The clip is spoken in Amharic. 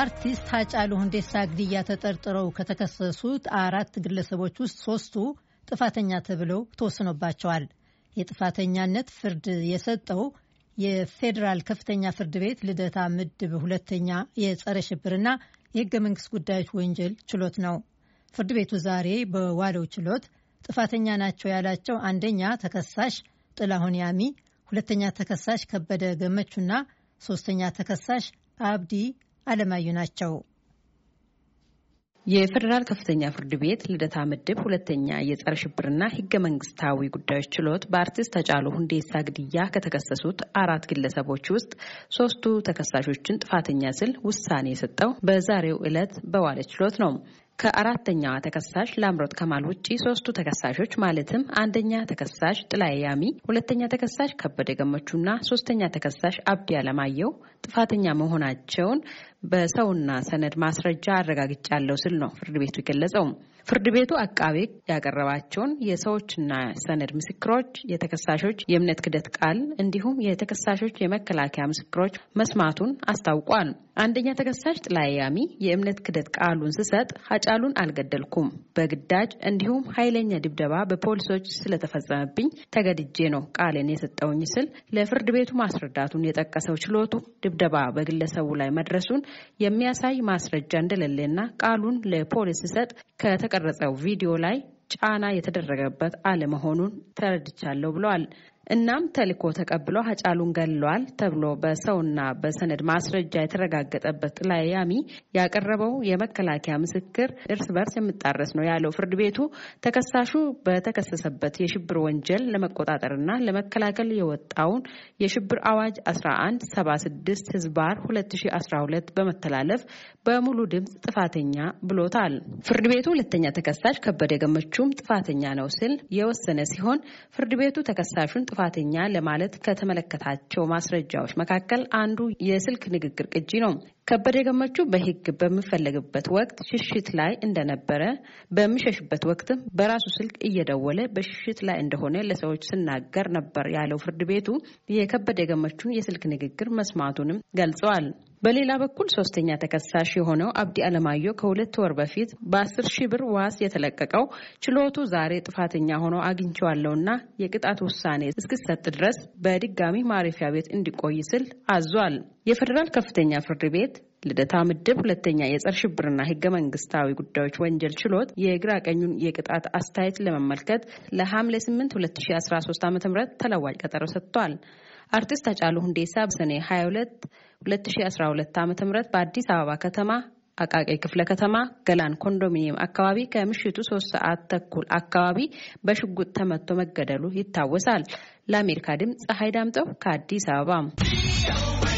አርቲስት ሀጫሉ ሁንዴሳ ግድያ ተጠርጥረው ከተከሰሱት አራት ግለሰቦች ውስጥ ሶስቱ ጥፋተኛ ተብለው ተወስኖባቸዋል። የጥፋተኛነት ፍርድ የሰጠው የፌዴራል ከፍተኛ ፍርድ ቤት ልደታ ምድብ ሁለተኛ የጸረ ሽብርና የህገ መንግስት ጉዳዮች ወንጀል ችሎት ነው። ፍርድ ቤቱ ዛሬ በዋለው ችሎት ጥፋተኛ ናቸው ያላቸው አንደኛ ተከሳሽ ጥላሁን ያሚ፣ ሁለተኛ ተከሳሽ ከበደ ገመቹና ሶስተኛ ተከሳሽ አብዲ አለማዩ ናቸው። የፌዴራል ከፍተኛ ፍርድ ቤት ልደታ ምድብ ሁለተኛ የጸረ ሽብርና ህገ መንግስታዊ ጉዳዮች ችሎት በአርቲስት ተጫሉ ሁንዴሳ ግድያ ከተከሰሱት አራት ግለሰቦች ውስጥ ሶስቱ ተከሳሾችን ጥፋተኛ ስል ውሳኔ የሰጠው በዛሬው ዕለት በዋለ ችሎት ነው። ከአራተኛ ተከሳሽ ለአምሮት ከማል ውጪ ሶስቱ ተከሳሾች ማለትም አንደኛ ተከሳሽ ጥላዬ ያሚ፣ ሁለተኛ ተከሳሽ ከበደ ገመቹና ሶስተኛ ተከሳሽ አብዲ አለማየሁ ጥፋተኛ መሆናቸውን በሰውና ሰነድ ማስረጃ አረጋግጫለሁ ስል ነው ፍርድ ቤቱ የገለጸው። ፍርድ ቤቱ አቃቤ ያቀረባቸውን የሰዎችና ሰነድ ምስክሮች፣ የተከሳሾች የእምነት ክደት ቃል እንዲሁም የተከሳሾች የመከላከያ ምስክሮች መስማቱን አስታውቋል። አንደኛ ተከሳሽ ጥላያሚ የእምነት ክደት ቃሉን ስሰጥ ሃጫሉን አልገደልኩም፣ በግዳጅ እንዲሁም ኃይለኛ ድብደባ በፖሊሶች ስለተፈጸመብኝ ተገድጄ ነው ቃሌን የሰጠውኝ ስል ለፍርድ ቤቱ ማስረዳቱን የጠቀሰው ችሎቱ ድብደባ በግለሰቡ ላይ መድረሱን የሚያሳይ ማስረጃ እንደሌለና ቃሉን ለፖሊስ ሲሰጥ ከተቀረጸው ቪዲዮ ላይ ጫና የተደረገበት አለመሆኑን ተረድቻለሁ ብለዋል። እናም ተልኮ ተቀብሎ ሀጫሉን ገድለዋል ተብሎ በሰውና በሰነድ ማስረጃ የተረጋገጠበት ላያሚ ያቀረበው የመከላከያ ምስክር እርስ በርስ የሚጣረስ ነው ያለው ፍርድ ቤቱ ተከሳሹ በተከሰሰበት የሽብር ወንጀል ለመቆጣጠርና ለመከላከል የወጣውን የሽብር አዋጅ 1176 ህዝባር 2012 በመተላለፍ በሙሉ ድምፅ ጥፋተኛ ብሎታል። ፍርድ ቤቱ ሁለተኛ ተከሳሽ ከበደ ገመቹም ጥፋተኛ ነው ሲል የወሰነ ሲሆን ፍርድ ቤቱ ተከሳሹን ጥፋተኛ ለማለት ከተመለከታቸው ማስረጃዎች መካከል አንዱ የስልክ ንግግር ቅጂ ነው። ከበደ ገመቹ በሕግ በሚፈለግበት ወቅት ሽሽት ላይ እንደነበረ በሚሸሽበት ወቅትም በራሱ ስልክ እየደወለ በሽሽት ላይ እንደሆነ ለሰዎች ሲናገር ነበር ያለው ፍርድ ቤቱ የከበደ ገመቹን የስልክ ንግግር መስማቱንም ገልጸዋል። በሌላ በኩል ሶስተኛ ተከሳሽ የሆነው አብዲ አለማየሁ ከሁለት ወር በፊት በአስር ሺህ ብር ዋስ የተለቀቀው ችሎቱ ዛሬ ጥፋተኛ ሆኖ አግኝቼዋለሁና የቅጣት ውሳኔ እስክሰጥ ድረስ በድጋሚ ማረፊያ ቤት እንዲቆይ ስል አዟል። የፌዴራል ከፍተኛ ፍርድ ቤት ልደታ ምድብ ሁለተኛ የጸረ ሽብርና ሕገ መንግስታዊ ጉዳዮች ወንጀል ችሎት የግራ ቀኙን የቅጣት አስተያየት ለመመልከት ለሐምሌ 8 2013 ዓ ም ተለዋጭ ቀጠሮ ሰጥቷል። አርቲስት አጫሉ ሁንዴሳ በሰኔ 22 2012 ዓ ም በአዲስ አበባ ከተማ አቃቂ ክፍለ ከተማ ገላን ኮንዶሚኒየም አካባቢ ከምሽቱ ሶስት ሰዓት ተኩል አካባቢ በሽጉጥ ተመቶ መገደሉ ይታወሳል። ለአሜሪካ ድምፅ ፀሐይ ዳምጠው ከአዲስ አበባ